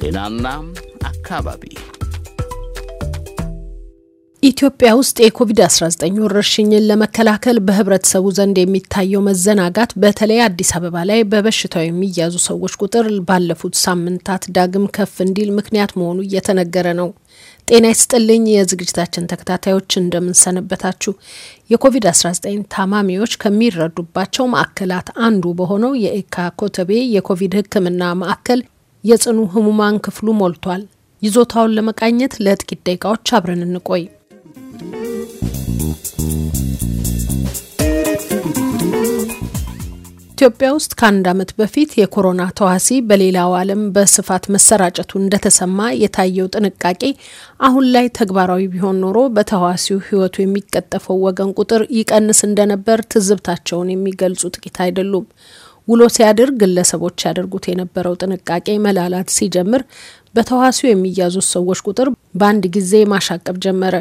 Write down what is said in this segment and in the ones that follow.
ጤናና አካባቢ ኢትዮጵያ ውስጥ የኮቪድ-19 ወረርሽኝን ለመከላከል በህብረተሰቡ ዘንድ የሚታየው መዘናጋት በተለይ አዲስ አበባ ላይ በበሽታው የሚያዙ ሰዎች ቁጥር ባለፉት ሳምንታት ዳግም ከፍ እንዲል ምክንያት መሆኑ እየተነገረ ነው። ጤና ይስጥልኝ የዝግጅታችን ተከታታዮች እንደምንሰነበታችሁ። የኮቪድ-19 ታማሚዎች ከሚረዱባቸው ማዕከላት አንዱ በሆነው የኤካ ኮተቤ የኮቪድ ሕክምና ማዕከል የጽኑ ህሙማን ክፍሉ ሞልቷል። ይዞታውን ለመቃኘት ለጥቂት ደቂቃዎች አብረን እንቆይ። ኢትዮጵያ ውስጥ ከአንድ ዓመት በፊት የኮሮና ተዋሲ በሌላው ዓለም በስፋት መሰራጨቱ እንደተሰማ የታየው ጥንቃቄ አሁን ላይ ተግባራዊ ቢሆን ኖሮ በተዋሲው ህይወቱ የሚቀጠፈው ወገን ቁጥር ይቀንስ እንደነበር ትዝብታቸውን የሚገልጹ ጥቂት አይደሉም። ውሎ ሲያድር ግለሰቦች ያደርጉት የነበረው ጥንቃቄ መላላት ሲጀምር በተዋሲው የሚያዙት ሰዎች ቁጥር በአንድ ጊዜ ማሻቀብ ጀመረ።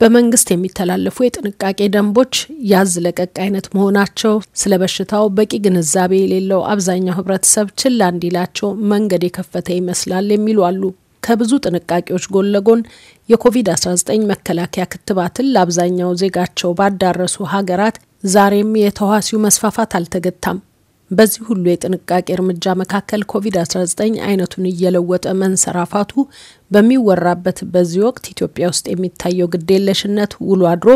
በመንግስት የሚተላለፉ የጥንቃቄ ደንቦች ያዝ ለቀቅ አይነት መሆናቸው ስለ በሽታው በቂ ግንዛቤ የሌለው አብዛኛው ህብረተሰብ ችላ እንዲላቸው መንገድ የከፈተ ይመስላል የሚሉ አሉ። ከብዙ ጥንቃቄዎች ጎን ለጎን የኮቪድ-19 መከላከያ ክትባትን ለአብዛኛው ዜጋቸው ባዳረሱ ሀገራት ዛሬም የተዋሲው መስፋፋት አልተገታም። በዚህ ሁሉ የጥንቃቄ እርምጃ መካከል ኮቪድ-19 አይነቱን እየለወጠ መንሰራፋቱ በሚወራበት በዚህ ወቅት ኢትዮጵያ ውስጥ የሚታየው ግዴለሽነት ውሎ አድሮ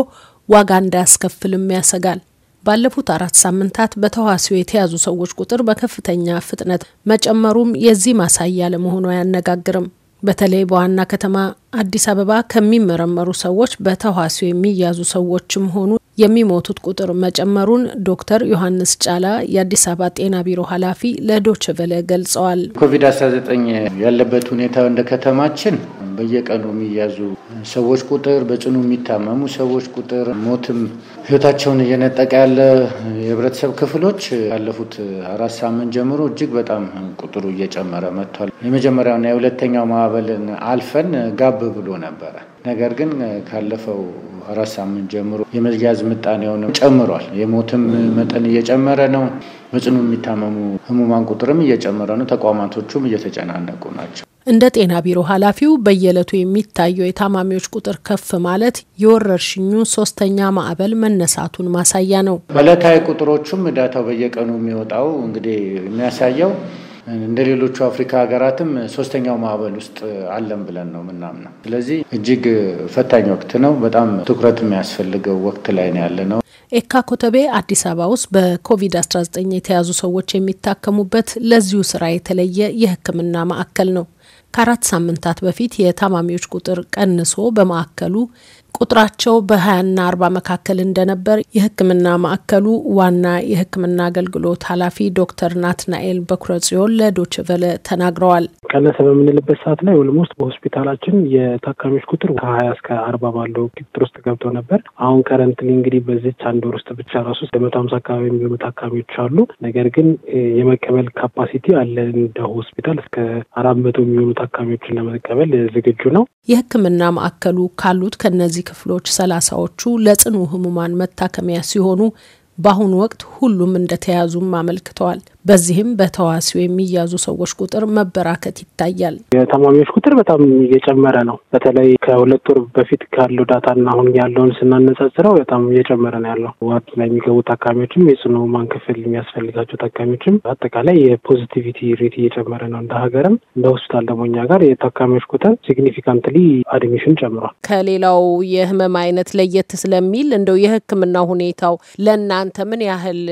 ዋጋ እንዳያስከፍልም ያሰጋል። ባለፉት አራት ሳምንታት በተዋሲው የተያዙ ሰዎች ቁጥር በከፍተኛ ፍጥነት መጨመሩም የዚህ ማሳያ ለመሆኑ አያነጋግርም። በተለይ በዋና ከተማ አዲስ አበባ ከሚመረመሩ ሰዎች በተዋሲው የሚያዙ ሰዎችም ሆኑ የሚሞቱት ቁጥር መጨመሩን ዶክተር ዮሐንስ ጫላ የአዲስ አበባ ጤና ቢሮ ኃላፊ ለዶችቨለ ገልጸዋል። ኮቪድ 19 ያለበት ሁኔታ እንደ ከተማችን በየቀኑ የሚያዙ ሰዎች ቁጥር፣ በጽኑ የሚታመሙ ሰዎች ቁጥር፣ ሞትም ህይወታቸውን እየነጠቀ ያለ የህብረተሰብ ክፍሎች ካለፉት አራት ሳምንት ጀምሮ እጅግ በጣም ቁጥሩ እየጨመረ መጥቷል። የመጀመሪያውና የሁለተኛው ማዕበልን አልፈን ጋብ ብሎ ነበረ። ነገር ግን ካለፈው አራት ሳምንት ጀምሮ የመዝጊያ ምጣኔውን ጨምሯል። የሞትም መጠን እየጨመረ ነው። በጽኑ የሚታመሙ ህሙማን ቁጥርም እየጨመረ ነው። ተቋማቶቹም እየተጨናነቁ ናቸው። እንደ ጤና ቢሮ ኃላፊው በየዕለቱ የሚታየው የታማሚዎች ቁጥር ከፍ ማለት የወረርሽኙ ሶስተኛ ማዕበል መነሳቱን ማሳያ ነው። በዕለታዊ ቁጥሮቹም ዳታው በየቀኑ የሚወጣው እንግዲህ የሚያሳየው እንደ ሌሎቹ አፍሪካ ሀገራትም ሶስተኛው ማዕበል ውስጥ አለን ብለን ነው ምናምነው። ስለዚህ እጅግ ፈታኝ ወቅት ነው። በጣም ትኩረት የሚያስፈልገው ወቅት ላይ ነው ያለ ነው። ኤካ ኮተቤ አዲስ አበባ ውስጥ በኮቪድ-19 የተያዙ ሰዎች የሚታከሙበት ለዚሁ ስራ የተለየ የሕክምና ማዕከል ነው። ከአራት ሳምንታት በፊት የታማሚዎች ቁጥር ቀንሶ በማዕከሉ ቁጥራቸው በ20ና መካከል እንደነበር የህክምና ማዕከሉ ዋና የህክምና አገልግሎት ኃላፊ ዶክተር ናትናኤል በኩረጽዮን ለዶችቨለ ቨለ ተናግረዋል። ቀነሰ በምንልበት ሰዓት ላይ ኦልሞስት በሆስፒታላችን የታካሚዎች ቁጥር ከሀያ እስከ አርባ ባለው ቁጥር ውስጥ ገብተው ነበር። አሁን ከረንትሊ እንግዲህ በዚች አንድ ወር ውስጥ ብቻ ራሱ ለመቶ ሀምሳ አካባቢ የሚሆኑ ታካሚዎች አሉ። ነገር ግን የመቀበል ካፓሲቲ አለ እንደ ሆስፒታል እስከ አራት መቶ የሚሆኑ ታካሚዎችን ለመቀበል ዝግጁ ነው። የህክምና ማዕከሉ ካሉት ከነዚህ ክፍሎች ሰላሳዎቹ ለጽኑ ህሙማን መታከሚያ ሲሆኑ በአሁኑ ወቅት ሁሉም እንደተያዙም አመልክተዋል። በዚህም በተዋሲው የሚያዙ ሰዎች ቁጥር መበራከት ይታያል። የታማሚዎች ቁጥር በጣም እየጨመረ ነው። በተለይ ከሁለት ወር በፊት ካለው ዳታና አሁን ያለውን ስናነጻጽረው በጣም እየጨመረ ነው ያለው። ዋርድ ላይ የሚገቡ ታካሚዎችም የጽኑ ህሙማን ክፍል የሚያስፈልጋቸው ታካሚዎችም አጠቃላይ የፖዚቲቪቲ ሬት እየጨመረ ነው። እንደ ሀገርም እንደ ሆስፒታል ደግሞ እኛ ጋር የታካሚዎች ቁጥር ሲግኒፊካንትሊ አድሚሽን ጨምሯል። ከሌላው የህመም አይነት ለየት ስለሚል እንደው የህክምና ሁኔታው ለእናንተ ምን ያህል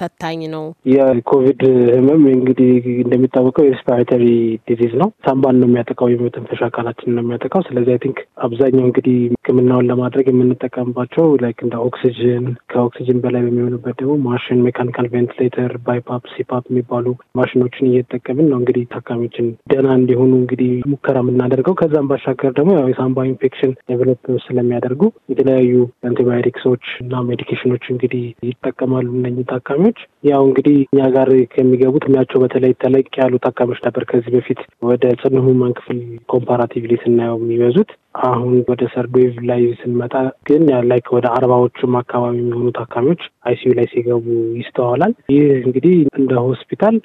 ፈታኝ ነው? የኮቪድ የሆድ ህመም እንግዲህ እንደሚታወቀው የሬስፓራተሪ ዲዚዝ ነው። ሳምባን ነው የሚያጠቃው፣ የመተንፈሻ አካላችን ነው የሚያጠቃው። ስለዚህ አይ ቲንክ አብዛኛው እንግዲህ ህክምናውን ለማድረግ የምንጠቀምባቸው ላይክ እንደ ኦክሲጅን፣ ከኦክሲጅን በላይ በሚሆንበት ደግሞ ማሽን፣ ሜካኒካል ቬንትሌተር፣ ባይፓፕ፣ ሲፓፕ የሚባሉ ማሽኖችን እየተጠቀምን ነው እንግዲህ ታካሚዎችን ደህና እንዲሆኑ እንግዲህ ሙከራ የምናደርገው። ከዛም ባሻገር ደግሞ ያው የሳምባ ኢንፌክሽን ዴቨሎፕ ስለሚያደርጉ የተለያዩ አንቲባዮቲክሶች እና ሜዲኬሽኖች እንግዲህ ይጠቀማሉ እነኝህ ታካሚዎች። ያው እንግዲህ እኛ ጋር ከሚገቡት እድሜያቸው በተለይ ተለቅ ያሉት ታካሚዎች ነበር ከዚህ በፊት ወደ ጽኑ ህሙማን ክፍል ኮምፓራቲቭሊ ስናየው የሚበዙት። አሁን ወደ ሰርዶይቭ ላይ ስንመጣ ግን ላይክ ወደ አርባዎቹም አካባቢ የሚሆኑ ታካሚዎች አይሲዩ ላይ ሲገቡ ይስተዋላል። ይህ እንግዲህ እንደ ሆስፒታል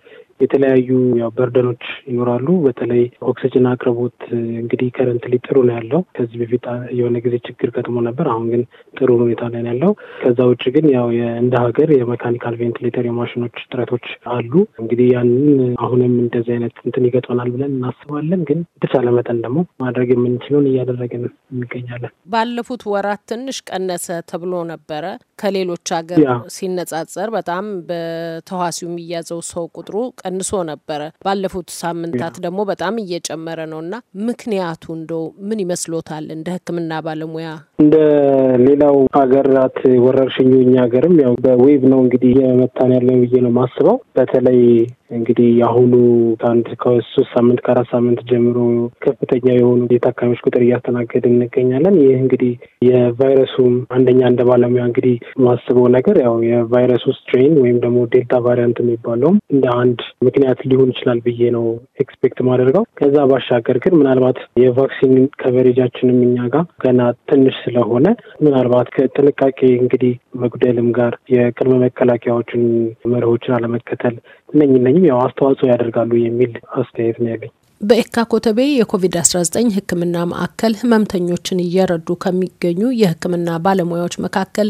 የተለያዩ ያው በርደኖች ይኖራሉ። በተለይ ኦክሲጅን አቅርቦት እንግዲህ ከረንትሊ ጥሩ ነው ያለው። ከዚህ በፊት የሆነ ጊዜ ችግር ገጥሞ ነበር። አሁን ግን ጥሩ ሁኔታ ላይ ነው ያለው። ከዛ ውጭ ግን ያው እንደ ሀገር የመካኒካል ቬንቲሌተር የማሽኖች እጥረቶች አሉ። እንግዲህ ያንን አሁንም እንደዚህ አይነት እንትን ይገጥመናል ብለን እናስባለን። ግን የተቻለ መጠን ደግሞ ማድረግ የምንችለውን እያደረግን እንገኛለን። ባለፉት ወራት ትንሽ ቀነሰ ተብሎ ነበረ። ከሌሎች ሀገር ሲነጻጸር በጣም በተዋሲው የሚያዘው ሰው ቁጥሩ ቀንሶ ነበረ። ባለፉት ሳምንታት ደግሞ በጣም እየጨመረ ነው እና ምክንያቱ እንደው ምን ይመስሎታል? እንደ ሕክምና ባለሙያ እንደ ሌላው ሀገራት ወረርሽኙ እኛ ሀገርም ያው በዌብ ነው እንግዲህ እየመታን ያለን ብዬ ነው ማስበው። በተለይ እንግዲህ የአሁኑ ከአንድ ከሶስት ሳምንት ከአራት ሳምንት ጀምሮ ከፍተኛ የሆኑ የታካሚዎች ቁጥር እያስተናገድ እንገኛለን። ይህ እንግዲህ የቫይረሱም አንደኛ እንደ ባለሙያ እንግዲህ ማስበው ነገር ያው የቫይረሱ ስትሬን ወይም ደግሞ ዴልታ ቫሪያንት የሚባለውም እንደ አንድ ምክንያት ሊሆን ይችላል ብዬ ነው ኤክስፔክት ማደርገው። ከዛ ባሻገር ግን ምናልባት የቫክሲን ከቨሬጃችንም እኛ ጋር ገና ትንሽ ስለሆነ ምናልባት ከጥንቃቄ እንግዲህ መጉደልም ጋር የቅድመ መከላከያዎችን መርሆችን አለመከተል እነኝ ቢገኝም ያው አስተዋጽኦ ያደርጋሉ የሚል አስተያየት ነው ያገኝ በኤካ ኮተቤ የኮቪድ-19 ህክምና ማዕከል ህመምተኞችን እየረዱ ከሚገኙ የህክምና ባለሙያዎች መካከል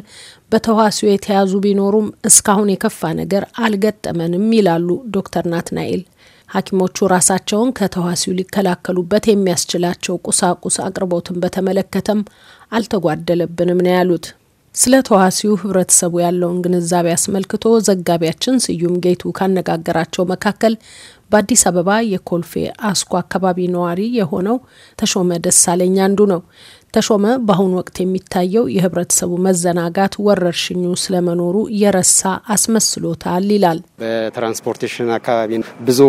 በተዋሲው የተያዙ ቢኖሩም እስካሁን የከፋ ነገር አልገጠመንም ይላሉ ዶክተር ናትናኤል። ሐኪሞቹ ራሳቸውን ከተዋሲው ሊከላከሉበት የሚያስችላቸው ቁሳቁስ አቅርቦትን በተመለከተም አልተጓደለብንም ነው ያሉት። ስለ ተዋሲው ህብረተሰቡ ያለውን ግንዛቤ አስመልክቶ ዘጋቢያችን ስዩም ጌቱ ካነጋገራቸው መካከል በአዲስ አበባ የኮልፌ አስኮ አካባቢ ነዋሪ የሆነው ተሾመ ደሳለኝ አንዱ ነው። ተሾመ በአሁኑ ወቅት የሚታየው የህብረተሰቡ መዘናጋት ወረርሽኙ ስለመኖሩ የረሳ አስመስሎታል ይላል። በትራንስፖርቴሽን አካባቢ ብዙ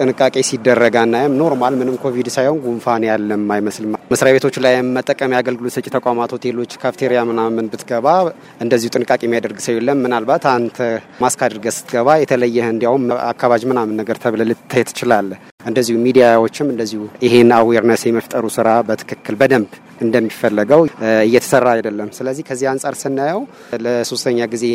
ጥንቃቄ ሲደረግ አናየም። ኖርማል ምንም ኮቪድ ሳይሆን ጉንፋን ያለም አይመስልም። መስሪያ ቤቶች ላይ መጠቀም የአገልግሎት ሰጪ ተቋማት፣ ሆቴሎች፣ ካፍቴሪያ ምናምን ብትገባ እንደዚሁ ጥንቃቄ የሚያደርግ ሰው የለም። ምናልባት አንተ ማስክ አድርገህ ስትገባ የተለየህ እንዲያውም አካባጅ ምናምን ነገር ተብለህ ልትታይ ትችላለህ። እንደዚሁ ሚዲያዎችም እንደዚሁ ይሄን አዌርነስ የመፍጠሩ ስራ በትክክል በደንብ እንደሚፈለገው እየተሰራ አይደለም። ስለዚህ ከዚህ አንጻር ስናየው ለሶስተኛ ጊዜ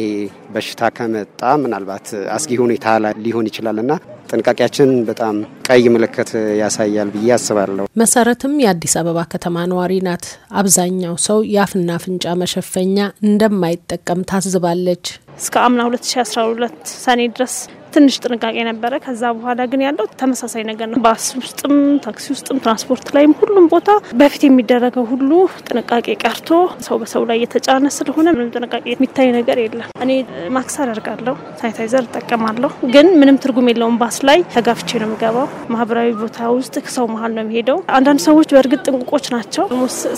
በሽታ ከመጣ ምናልባት አስጊ ሁኔታ ላይ ሊሆን ይችላል እና ጥንቃቄያችን በጣም ቀይ ምልክት ያሳያል ብዬ አስባለሁ። መሰረትም የአዲስ አበባ ከተማ ነዋሪ ናት። አብዛኛው ሰው የአፍና አፍንጫ መሸፈኛ እንደማይጠቀም ታዝባለች። እስከ አምና 2012 ሰኔ ድረስ ትንሽ ጥንቃቄ ነበረ። ከዛ በኋላ ግን ያለው ተመሳሳይ ነገር ነው። ባስ ውስጥም፣ ታክሲ ውስጥም፣ ትራንስፖርት ላይም ሁሉም ቦታ በፊት የሚደረገው ሁሉ ጥንቃቄ ቀርቶ ሰው በሰው ላይ የተጫነ ስለሆነ ምንም ጥንቃቄ የሚታይ ነገር የለም። እኔ ማክስ አደርጋለሁ፣ ሳኒታይዘር እጠቀማለሁ፣ ግን ምንም ትርጉም የለውም። ባስ ላይ ተጋፍቼ ነው የምገባው። ማህበራዊ ቦታ ውስጥ ሰው መሀል ነው የሚሄደው። አንዳንድ ሰዎች በእርግጥ ጥንቁቆች ናቸው።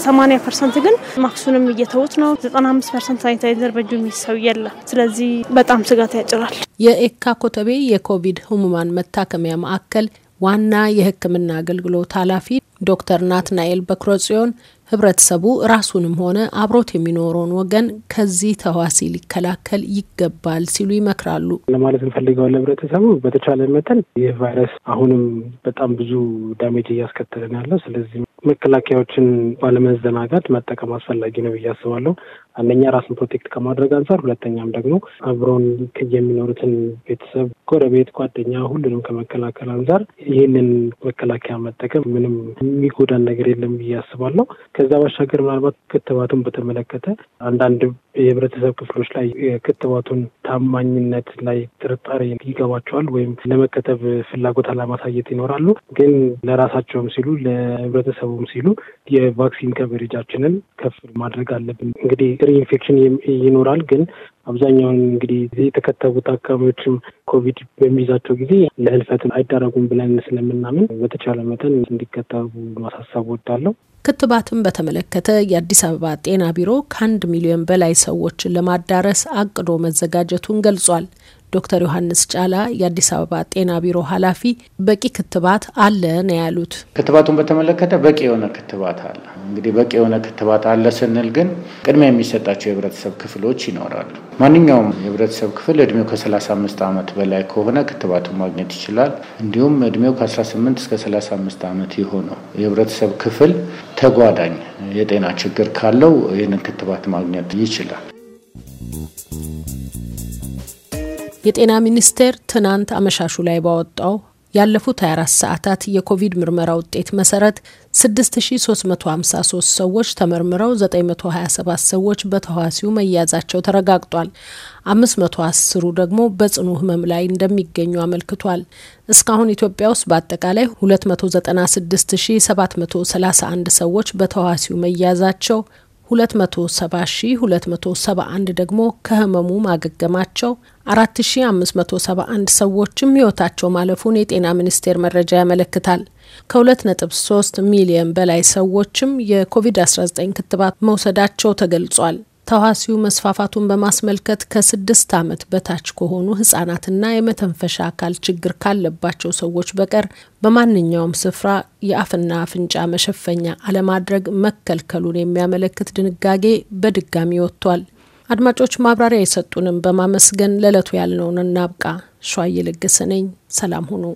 ሰማኒያ ፐርሰንት ግን ማክሱንም እየተውት ነው። ዘጠና አምስት ፐርሰንት ሳኒታይዘር በእጁ የሚሰው የለ። ስለዚህ በጣም ስጋት ያጭራል። የኤካ ኮተ ኮተቤ የኮቪድ ህሙማን መታከሚያ ማዕከል ዋና የህክምና አገልግሎት ኃላፊ ዶክተር ናትናኤል በክሮጽዮን ህብረተሰቡ ራሱንም ሆነ አብሮት የሚኖረውን ወገን ከዚህ ተዋሲ ሊከላከል ይገባል ሲሉ ይመክራሉ። ለማለት እንፈልገዋል ለህብረተሰቡ በተቻለ መጠን ይህ ቫይረስ አሁንም በጣም ብዙ ዳሜጅ እያስከተለን ያለው ስለዚህ መከላከያዎችን ባለመዘናጋት መጠቀም አስፈላጊ ነው ብዬ አስባለሁ። አንደኛ ራስን ፕሮቴክት ከማድረግ አንጻር፣ ሁለተኛም ደግሞ አብሮን የሚኖሩትን ቤተሰብ፣ ጎረቤት፣ ጓደኛ ሁሉንም ከመከላከል አንጻር ይህንን መከላከያ መጠቀም ምንም የሚጎዳን ነገር የለም ብዬ አስባለሁ። ከዛ ባሻገር ምናልባት ክትባቱን በተመለከተ አንዳንድ የህብረተሰብ ክፍሎች ላይ የክትባቱን ታማኝነት ላይ ጥርጣሬ ይገባቸዋል ወይም ለመከተብ ፍላጎት አለማሳየት ይኖራሉ። ግን ለራሳቸውም ሲሉ ለህብረተሰቡም ሲሉ የቫክሲን ከቨሬጃችንን ከፍ ማድረግ አለብን። እንግዲህ ጥሬ ኢንፌክሽን ይኖራል። ግን አብዛኛውን እንግዲህ የተከተቡት አካባቢዎችም ኮቪድ በሚይዛቸው ጊዜ ለህልፈትም አይዳረጉም ብለን ስለምናምን በተቻለ መጠን እንዲከተቡ ማሳሰብ ወዳለው። ክትባትን በተመለከተ የአዲስ አበባ ጤና ቢሮ ከአንድ ሚሊዮን በላይ ሰዎችን ለማዳረስ አቅዶ መዘጋጀቱን ገልጿል። ዶክተር ዮሐንስ ጫላ የአዲስ አበባ ጤና ቢሮ ኃላፊ በቂ ክትባት አለ ነው ያሉት። ክትባቱን በተመለከተ በቂ የሆነ ክትባት አለ። እንግዲህ በቂ የሆነ ክትባት አለ ስንል ግን ቅድሚያ የሚሰጣቸው የህብረተሰብ ክፍሎች ይኖራሉ። ማንኛውም የህብረተሰብ ክፍል እድሜው ከ35 ዓመት በላይ ከሆነ ክትባቱን ማግኘት ይችላል። እንዲሁም እድሜው ከ18 እስከ 35 ዓመት የሆነው የህብረተሰብ ክፍል ተጓዳኝ የጤና ችግር ካለው ይህንን ክትባት ማግኘት ይችላል። የጤና ሚኒስቴር ትናንት አመሻሹ ላይ ባወጣው ያለፉት 24 ሰዓታት የኮቪድ ምርመራ ውጤት መሰረት 6353 ሰዎች ተመርምረው 927 ሰዎች በተዋሲው መያዛቸው ተረጋግጧል። 510ሩ ደግሞ በጽኑ ህመም ላይ እንደሚገኙ አመልክቷል። እስካሁን ኢትዮጵያ ውስጥ በአጠቃላይ 296731 ሰዎች በተዋሲው መያዛቸው 270271 ደግሞ ከህመሙ ማገገማቸው 4571 ሰዎችም ህይወታቸው ማለፉን የጤና ሚኒስቴር መረጃ ያመለክታል። ከ2.3 ሚሊዮን በላይ ሰዎችም የኮቪድ-19 ክትባት መውሰዳቸው ተገልጿል። ተዋሲው መስፋፋቱን በማስመልከት ከስድስት ዓመት በታች ከሆኑ ህጻናትና የመተንፈሻ አካል ችግር ካለባቸው ሰዎች በቀር በማንኛውም ስፍራ የአፍና አፍንጫ መሸፈኛ አለማድረግ መከልከሉን የሚያመለክት ድንጋጌ በድጋሚ ወጥቷል። አድማጮች ማብራሪያ የሰጡንም በማመስገን ለዕለቱ ያልነውን እናብቃ። ሸዋዬ ለገሰ ነኝ። ሰላም ሁኑ።